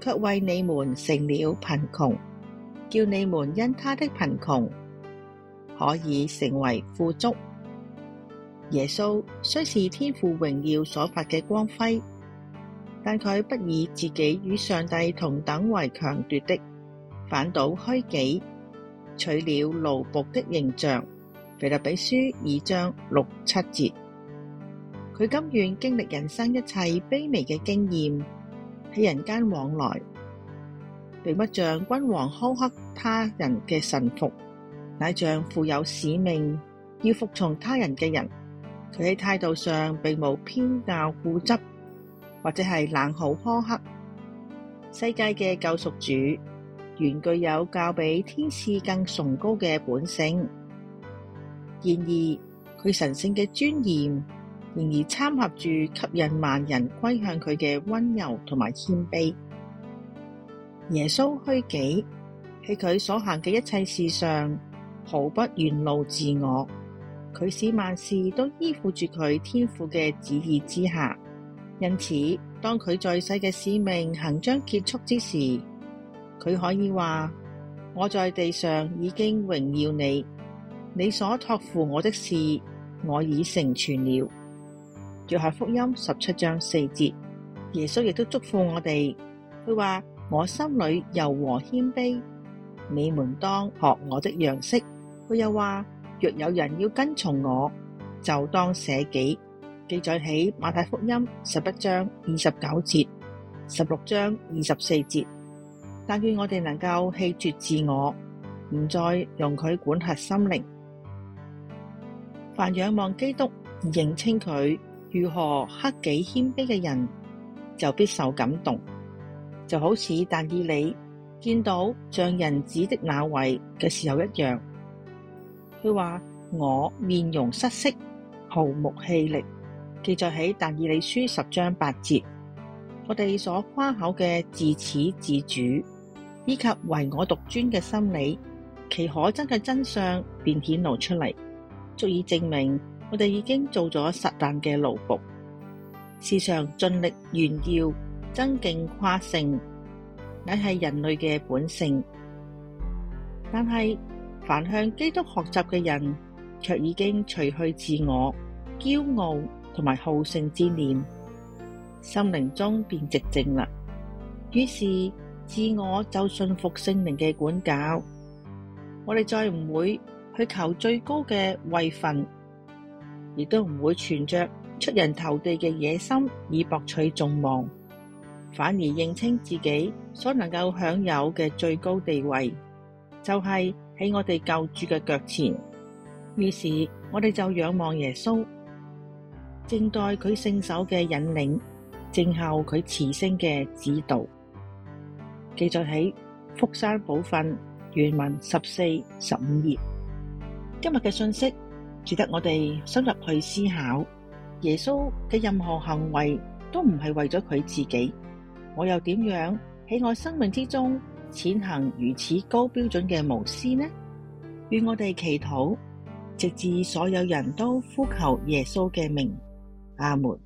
卻為你們成了貧窮，叫你們因他的貧窮可以成為富足。耶穌雖是天父榮耀所發嘅光輝，但佢不以自己與上帝同等為強奪的，反倒虛己，取了奴僕的形象。腓立比書二章六七節。佢甘願經歷人生一切卑微嘅經驗。喺人間往來，並不像君王苛刻他人嘅臣服，乃像負有使命要服從他人嘅人。佢喺態度上並冇偏拗固執，或者係冷酷苛刻。世界嘅救贖主，原具有較比天使更崇高嘅本性。然而，佢神聖嘅尊嚴。然而參合住吸引萬人歸向佢嘅温柔同埋謙卑。耶穌虛己，喺佢所行嘅一切事上毫不沿路自我，佢使萬事都依附住佢天父嘅旨意之下。因此，當佢在世嘅使命行將結束之時，佢可以話：「我在地上已經榮耀你，你所託付我的事，我已成全了。約翰福音十七章四節，耶穌亦都祝福我哋。佢話，我心裏柔和謙卑，你們當學我的樣式。佢又話：若有人要跟從我，就當捨己，記載起馬太福音十一章二十九節、十六章二十四節。但願我哋能夠棄絕自我，唔再用佢管轄心靈。凡仰望基督，認清佢，如何克己謙卑嘅人，就必受感動，就好似但以理見到像人子的那位嘅時候一樣。佢話我面容失色，毫無氣力。記載喺但以理書十章八節，我哋所誇口嘅自始自主，以及唯我獨尊嘅心理，其可憎嘅真相便顯露出嚟，足以證明。我哋已經做咗實淡嘅勞碌，時常盡力炫耀、爭競誇勝，乃係人類嘅本性。但係，凡向基督學習嘅人，卻已經除去自我、驕傲同埋好勝之念，心靈中便寂靜啦。於是，自我就信服聖靈嘅管教。我哋再唔會去求最高嘅位份。亦都唔會存着出人頭地嘅野心，以博取眾望，反而認清自己所能夠享有嘅最高地位，就係喺我哋救主嘅腳前。於是，我哋就仰望耶穌，靜待佢聖手嘅引領，靜候佢慈聲嘅指導。記載喺福山寶訓原文十四、十五頁。今日嘅信息。值得我哋深入去思考，耶穌嘅任何行為都唔係為咗佢自己，我又點樣喺我生命之中踐行如此高標準嘅無私呢？願我哋祈禱，直至所有人都呼求耶穌嘅名。阿門。